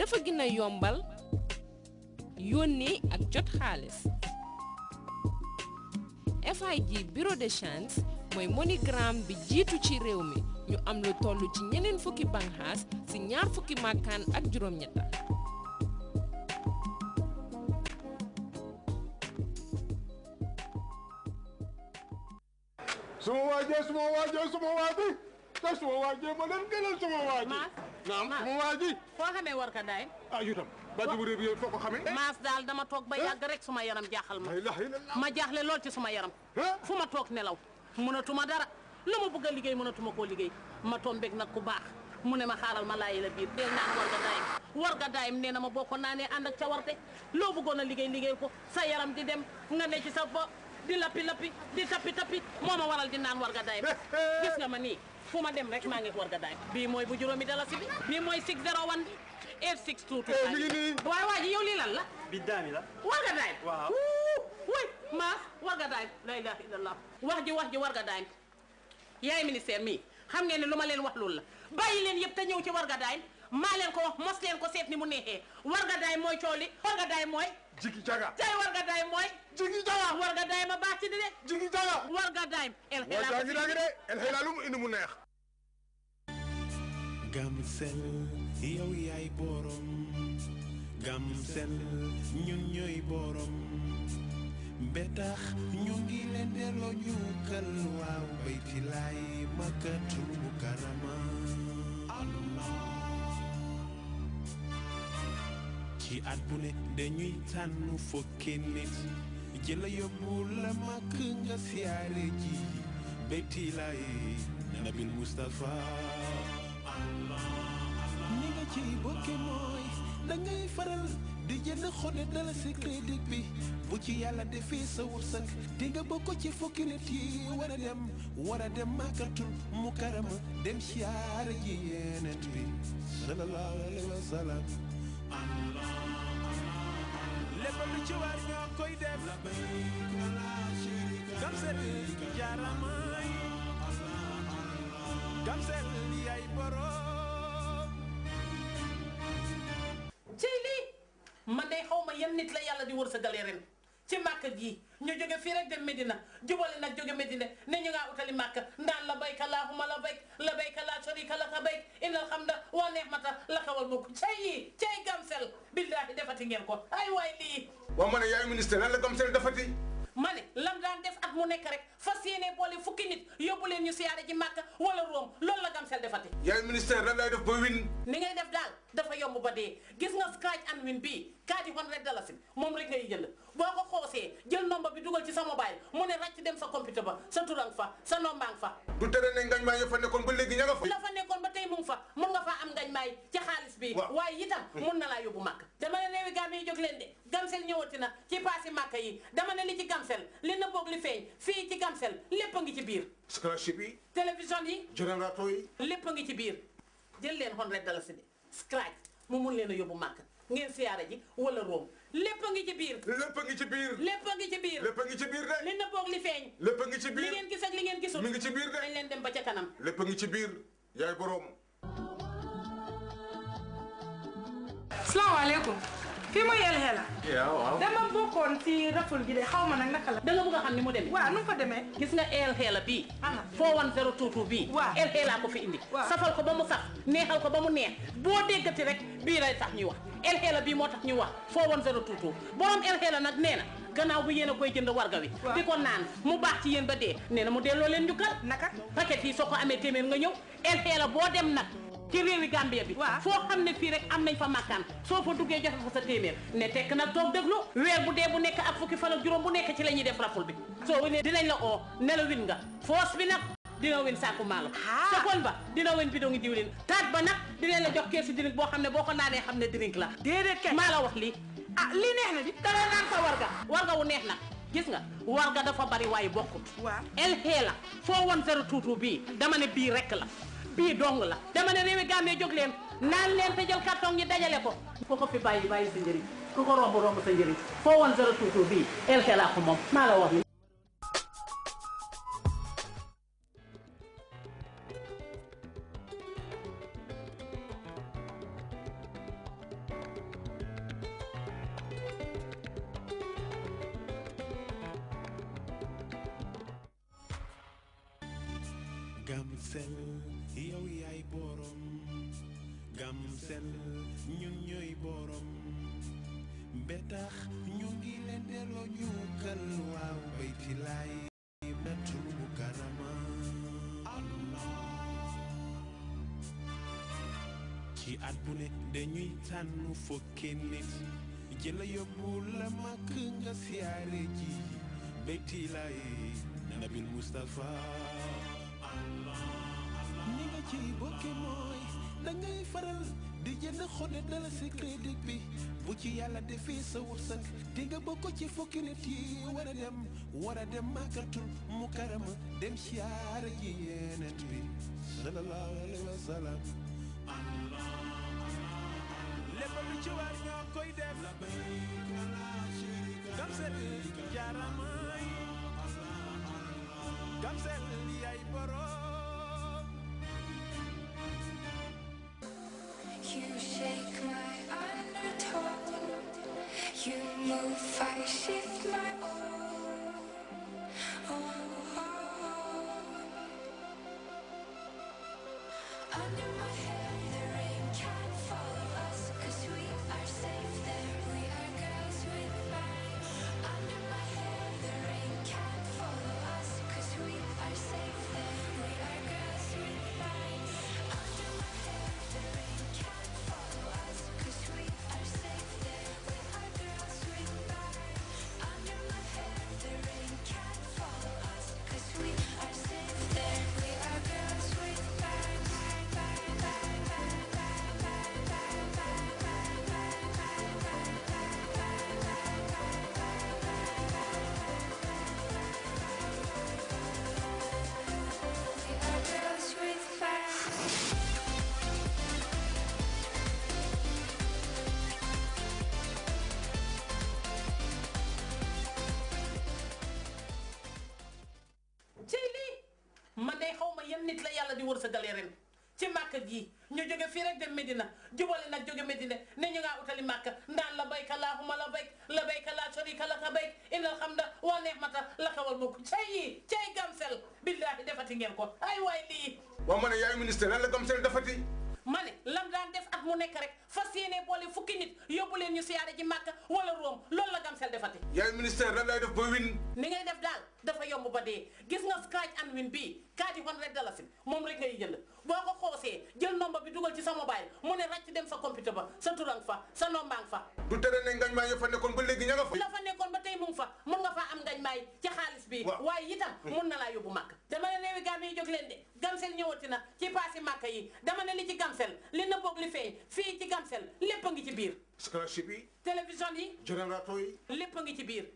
dafa gina yombal yoni ak jot xaalis FIG bureau de chance mooy monigram bi jiitu ci réew mi ñu am lu tollu ci ñeneen fukki banxaas ci ñaar fukki màkkaan ak juróom-ñetta suma waajee suma waajee suma waajee te suma waajee ma leen gënal suma waajee naam mu waa ji foo xamee war ka daay ah, ba ji bu réew yow foo ko maas daal dama toog ba eh? yàgg rek suma yaram jaaxal ma ma jaaxle lool ci suma yaram eh? fu ma toog nelaw mënatuma dara lu ma bëgg a liggéey mënatuma koo liggéey ma tombeeg nag ku baax mu ne ma xaaral ma laayi la biir deel naan war ga daayim war ga daayim nee na ma boo ko naanee ànd ak ca warte loo bëggoon a liggéey liggéey ko sa yaram di dem nga ne ci sa bopp di lappi lappi di tappi tappi moo ma waral di naan war nga daay gis nga ma nii fu ma dem rek maa ngi war ga daay bii mooy bu juróomi dalasi bi bii mooy 601 bi 862. Eh, mi ngi nii waaye waa ji yow lii lan la. bi daami la. war nga daay. waaw wuuy maas war nga daay la ilaha illallah wax ji wax ji war nga daay yaay ministère mii xam ngeen ne lu ma leen wax loolu la bàyyi leen yëpp te ñëw ci war ga daay maa ko wax mos ko seet ni mu neexee war nga daay mooy cooli war nga daay mooy jigi jaga tey war daay mooy jigi jaga war daay ma baax indi mu neex Gamcel yow yaay borom Gamcel ñun ñooy borom ba tax ñu ngi leen delloo ñu kal waaw bayti laay makkatu karama ci at bu ne dañuy tànn fukki nit jëla yóbbu la màkk nga siyaare ji beyti nabil Mustafa ni nga ciy mooy dangay faral di jënd xone dala si crédit bi bu ci yàlla defee sa wërsëg di nga bokk ci fukki nit yi war a dem war a dem màkkatul mu dem siyaare ji yeneen bi sallallahu alayhi lépp lu ci war ñoo koy def gamsel jaaramaay gamsel yaay boroom ci lii man de xaw ma yan nit la yàlla di wërsëgale ren ci makka gi ñu jóge fi rek dem Medina jubale nak jóge Medina ne ñu nga utali makka ndaan la bayka allahumma la bayk la bayka la sharika la bayk innal hamda wa ni'mata laka wal mulk cey cey gamsel billahi defati ngeen ko ay way li wa mané yaay ministre lan la gamsel defati mané lam daan def ak mu nek rek fasiyene bolé fukki nit yóbbu leen ñu siyaré ci makka wala rom lool la gamsel defati yaay ministre lan lay def ba win ni ngay def dal dafa yomb ba de gis nga scratch and win bii kaati fanweeri dalasi moom rek ngay jël boo ko xoosee jël nomba bi dugal ci sa mobile mu ne ràcc dem sa computer ba sa turang fa sa nombaang fa du tere ne ngañ maay ya fa nekkoon ba léegi ña nga fa la fa nekkoon ba tey mu ngi fa mun nga faa am ngañ maay ci xaalis bi waaye itam hmm. mun na laa yóbbu màkk dama ne réewi gaam yi jóg leen de gamsel ñëwati na ci paasi màkk yi dama ne li ci gamsel li na boog li feeñ fii ci gamsel lépp a ngi ci biir scratch bi télévision yi générateur yi lépp a ngi ci biir jël leen xon rek dalasi de scratch mu mun leen a yóbbu màkk ngeen siyaare ji wala Rome lépp a ngi ci biir. lépp a ngi ci biir. lépp a ngi ci biir. lépp a ngi ci biir de. li nëbboog li feeñ. lépp a ngi ci biir li ngeen gis ak li ngeen gisul. mi ngi ci biir a dañ leen kanam. lépp a ngi ci biir yaay boroom. salaamaaleykum. fii mooy El Hadj la. dama bokkoon ci raful gi de xaw ma nag naka la. da bëgg a xam ni mu demee. waaw nu fa demee. gis nga El la bii. Ah. foo wan zero tuutu bii. waaw El laa ko fi indi. safal ko ba mu saf neexal ko ba mu neex boo déggati rek bii lay tax ñuy wax El Hadj bii moo tax ñuy wax foo wan zero tuutu borom El Hadj nag nee na gannaaw bu yéen a koy jënd warga wi. di ko naan mu baax ci yéen ba dee nee na mu delloo leen njukkal. naka paquet yi soo ko amee téeméer nga ñëw El boo dem nag ci réewi Gambie bi foo xam ne fii rek am nañ fa màkkaan soo fa duggee joxe fa sa téeméer ne tekk nag toog déglu weer bu dee bu nekk ak fukki fan juróom bu nekk ci la ñuy def raful bi soo winee dinañ la oo ne la win nga foos bi nag dina win saaku maalo seconde ba dina bi bidon ngi diwlin taat ba nag dinañ la jox keesu drink boo xam ne boo ko naanee xam ne drink la déedéet kay maa la wax lii ah lii neex na di dara naan sa warga warga wu neex nag gis nga warga dafa bari waaye bokkut waaw el xee la foo wan zero tuutu bii dama bii rek la bii dong la dama ne réewi Gambie jóg naan leen te jël carton ñi dajale ko ku ko fi bàyyi bàyyi sa njëriñ ku ko romb romb sa njëriñ foo woon zéro bii el laa moom maa la wax ni yow yaay borom Gamcel ñun ñooy borom betax ñu ngi leen delloo ñu waaw bayti laay natul karama ci at bu ne dañuy tànn fukki nit jëla yóbbu la màkk nga siyaare ji bayti nabil Mustafa ciy bokke mooy dangay faral di jënd xone dala si crédit bi bu ci yàlla defee sa wërsëg di nga bokk ci fukki nit yi war a dem war a dem màkkatul mu karama dem siyaar ji yeenet bi sallallahu lu ci war ñoo koy def gamsel jaaramaay gamsel yaay borom wërsëgalee ren ci màkk gii ñu jóge fii rek dem Medina jubale nag jóge Medina ne ñu ngaa utali màkk ndaan la bayka laahuma la bayk la bayka laa sharika laka bayk innal hamda wa ni'mata laka wal mulk cay yii cay gamsel billaahi defati ngeen ko ay waay lii waaw lan la gamsel defati ma ne daan def at mu nekk rek fas yéene boole fukki nit yóbbu ñu siyaare ji màkk wala Rome loolu la gamsel defati yaay ministre lan lay def ba win ni ngay def daal dafa yomb ba dee naaj anwin bii kaati fanweeri dalasin moom rek ngay jënd boo ko xoosee jël nomba bi dugal ci sa mobile mu ne ràcc dem sa computer ba sa turang fa sa nombaang fa du tere ne ngañ maay ya fa fa la fa nekkoon ba tey mu ngi fa mun nga faa am ngañ maay ci xaalis bi waaye itam hmm. mun na laa yóbbu màkk dama ne réewi Gambie yi jóg leen de gamsel ñëwati na ci paasi màkk yi dama ne li ci gamsel li na boog li feeñ fii ci gamsel lépp a ngi ci biir scratch yi télévision yi générateur yi lépp a ngi ci biir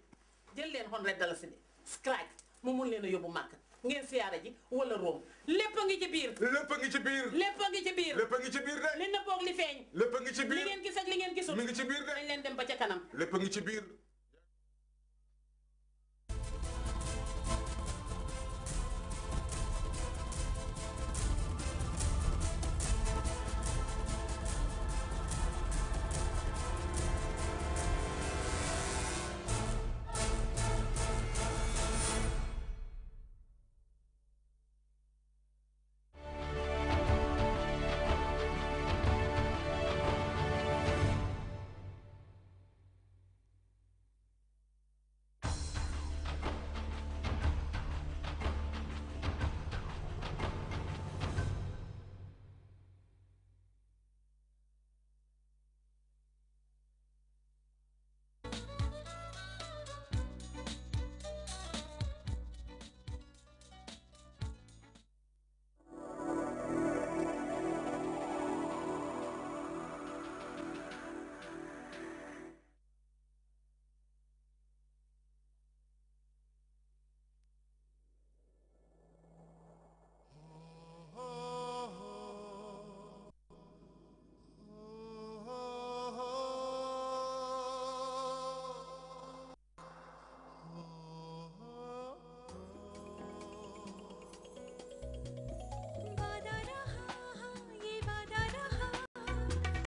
jël leen xon rek dalasi de scratch mu mun leen a yóbbu màkk ngeen siyaare ji wala Rome lépp a ngi ci biir. lépp a ngi ci biir. lépp a ngi ci biir. lépp a ngi ci biir de. li nëbboog li feeñ. lépp a ngi ci biir li ngeen gis ak li ngeen gisul. mi ngi ci ba ca kanam. lépp a ngi ci biir.